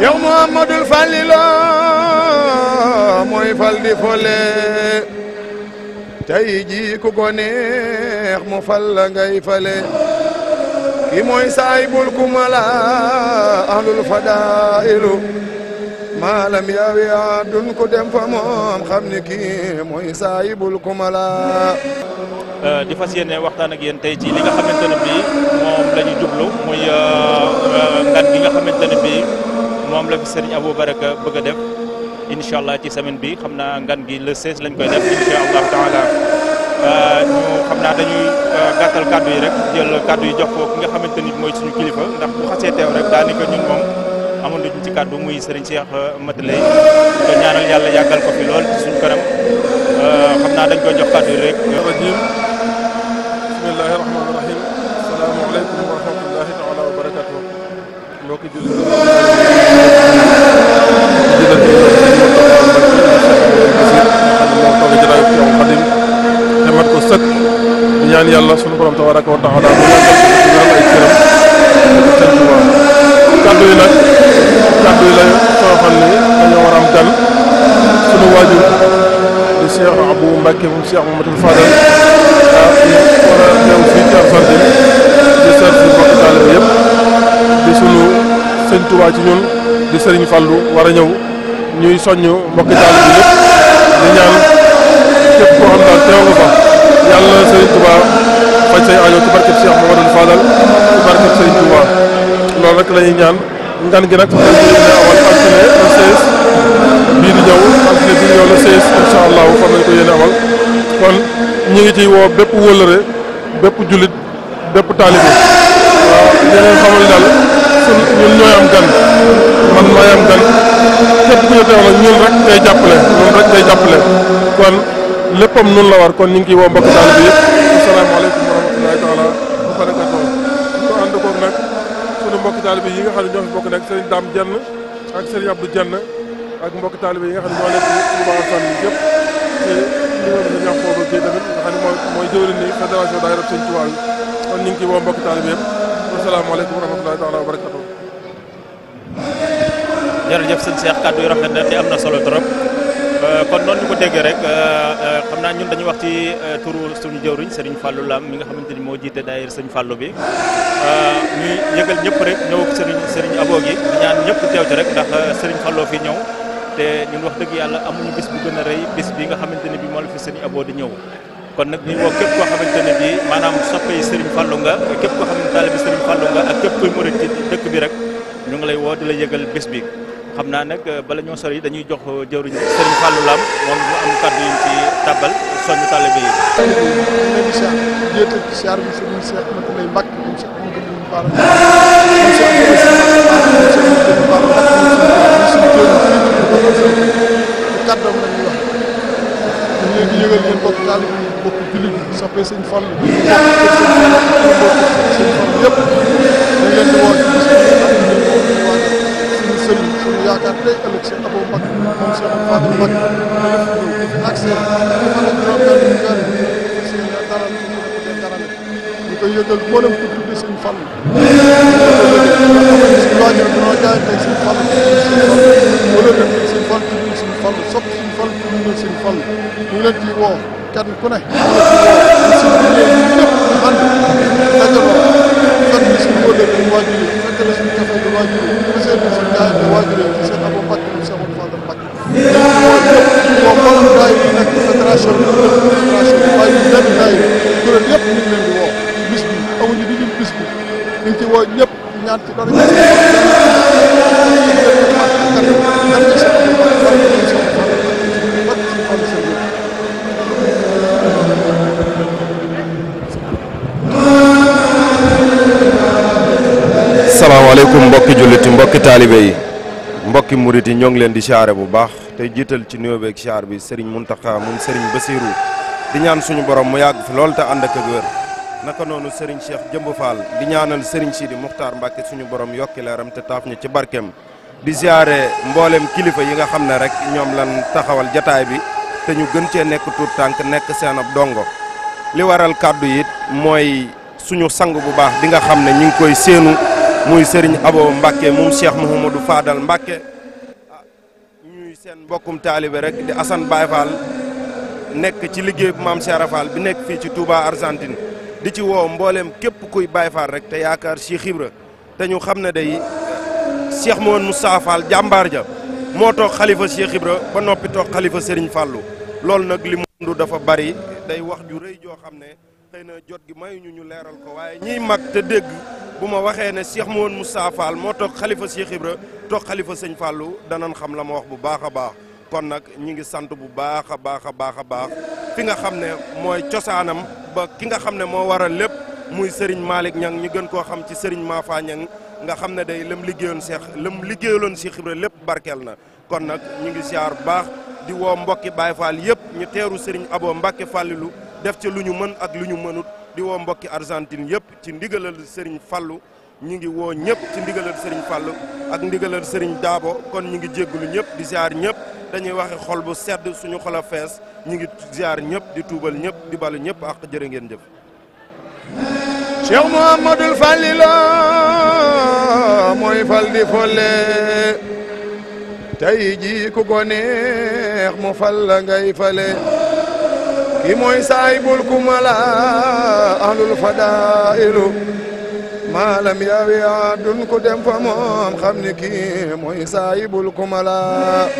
Cheikh Mouhamadul Fallilo mooy fal di fole tey jii ku ko mu fal la ngay fale ki mooy saahibul kumala ahlul fadailu maalam yaawe dun ko dem fa moom xam ne kii mooy saahibul kumala euh, di fas yéene waxtaan ak yéen tey ci li nga xamante ne bii moom la ñu jublu muy ngan euh, euh, gi nga xamante ne bii moom la fi sëriñ Abou Baraka bëgg a def incha allah ci semaine bi xam naa ngan gi la 16 lañ koy def incha allah taala euh, ñu xam naa dañuy euh, gàttal kàddu yi rek jël yi jox ko ki nga xamante ni mooy suñu kilifa ndax bu xasee teew rek daanaka ñun moom amoon nañu ci kàddu muy sëriñ Cheikh euh, Matelay ko ñaanal yàlla yàggal ko fi lool suñu kanam kàddu yi nag kàddu yi la soo xam ne dañoo war am gan sunu waajur di Cheikh Abou Mbacke moom Cheikh Mamadou Fadal ah war a teew fii ci Argentine di seet si mbokk taalibe yëpp di sunu sëñ Tuubaa ci ñun di Serigne Fallou war a ñëw ñuy soññ mbokk taalibe yëpp di ñaan képp koo xam daal teew nga fa. gan gi nag ngi ci woo bépp wëllëre bépp jullit bépp taalibe waaw yeneen xamal daal su ñun gan man maay gan képp ku ñu teew nag ñun rek jàppale kon léppam nun la war kon ñu ngi ciy mbokk taalibe mbokki taalibe yi nga xam ne ñoo fi bokk nag sëriñ Dame Dieng ak sëriñ Abdou Dieng ak mbokki taalibe yi nga xam ne ñoo nekk Touba Assane yi yëpp te numéro bi dañu am foofu kii tamit nga xam ne mooy mooy jëwriñ ni fédération daayira sëriñ Touba yi kon ñu ngi ciy woo mbokki taalibe yëpp asalaamaaleykum wa rahmatulahi taala wa barakatu jërëjëf sëñ Cheikh kàddu yu rafet na te am na solo trop Euh, kon noonu ñu ko déggee rek euh, euh, xam naa ñun dañuy wax ci turu suñu jëwriñ sëriñ Fallou Lam mi nga xamante ni moo jiite daayir Serigne Fallou bi ñuy yëgal ñëpp rek ñëw ak Serigne Serigne gi di ñaan ñëpp teew ci rek ndax Serigne Fallou fi ñëw te ñun wax dëgg yàlla amuñu bis bu gën a rëy bis bi nga xamante ni bi moo la fi Serigne di ñëw kon nag ñu woo képp koo xamante ne bi maanaam soppe yi Serigne nga képp ko xamante ne taalibe Serigne nga ak képp kuy murit ci dëkk bi rek ñu ngi lay woo di la yëgal bis bi xam naa nag euh, bala ñoo sori dañuy jox euh, jëwriñ Serigne Fallou Lam moom mu am kàddu yi ci tàbbal soññ talibé yi. kàddoom la ñuy wax dañ leen di yëgal yéen bokk talibé yi bokk jullit yi soppee Serigne Fallou yaakaar tey ëllëg Cheikh Abou Mbacke moom Cheikh Abou Fadel Mbacke ak seen fan la juróom-benn ñu weer seen dara ñu koy yëgal mboolem ku tudd seen fan suñu waajur dañoo jaayante seen fan wala dem seen fan tudd seen fan sopp seen fan tudd seen fan ñu leen ciy woo kenn ku ne fédération bi fédération bi waaye ñun benn daay kuréel yëpp ñu ngi leen di woo bis bi amuñu di lim bis bi ñu ngi ci woo ñëpp ñaan ci dara salaamaaleykum mbokki jullit yi mbokki taalibe yi mbokki murit yi ñoo ngi leen di siyaare bu baax tey jiital ci nuyoo beeg siyaar bi Serigne Mountakha mun Serigne Bassirou di ñaan suñu borom mu yàgg loolu te ànd ak naka noonu Serigne Cheikh Jëmb Fall di ñaanal Serigne di Muxtaar Mbàkke suñu borom yokki leeram te taaf ñu ci barkeem di siyaare mboolem kilifa yi nga xam ne rek ñoom lan taxawal jataay bi te ñu gën cee nekk tuut tànk nekk seen ab dongo li waral kàddu yi mooy suñu sangu bu baax di nga xam ne ñu ngi koy séenu muy Serigne Abo Mbàkke moom Cheikh Modou Fadal Mbacke ñuy seen mbokkum taalibe rek di Assane Baye nekk ci liggéey bu maam Cheikh Fall bi nekk fii ci Touba Argentine di ci woo mbooleem képp kuy Baye rek te yaakaar Cheikh Ibra te ñu xam ne day Cheikh Mouhamed Moustapha Fall jàmbaar ja moo toog xalifa Cheikh Ibra ba noppi toog xalifa Serigne Fallou loolu nag li mu dafa bari day wax ju rëy joo xam ne xëy na jot gi mayuñu ñu leeral ko waaye ñii mag te dégg bu ma waxee ne Cheikh Mouhamed Moussa Fall moo toog xalifa Cheikh Ibra toog xalifa sëñ Fallou danañ xam la ma wax bu baax a baax kon nag ñi ngi sant bu baax a baax a baax a baax fi nga xam ne mooy cosaanam ba ki nga xam ne moo waral lépp muy Serigne Malick Niang ñu gën koo xam ci Serigne Mafa Niang nga xam ne day lëm liggéeyoon Cheikh lëm liggéeyaloon Cheikh Ibra lépp barkeel na kon nag ñu ngi siyaar baax di woo mbokki Baye yëpp ñu teeru Serigne Abo Mbacke Fallilou def ci lu ñu mën ak lu ñu mënut di woo mbokki Argentine yëpp ci ndigalal Serigne fallu ñu ngi woo ñëpp ci ndigalal Serigne Fallou ak ndigalal Serigne Daabo kon ñu ngi jéggulu ñëpp di ziar ñëpp dañuy waxe xol bu sedd suñu xol fees ñu ngi ziar ñëpp di tuubal ñëpp di balu ñëpp ak jërë ngeen jëf Cheikh Mouhamadoul Fallilo mooy fal di folle tey ji ko neex mu fal la ngay fale ki mooy saahibul kumala ahlul fadailu maalam yawi dun ku dem fa moom xam ni ki mooy saahibul kumala